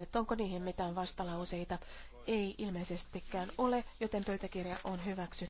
Että onko niihin mitään vastalauseita? Ei ilmeisestikään ole, joten pöytäkirja on hyväksytty.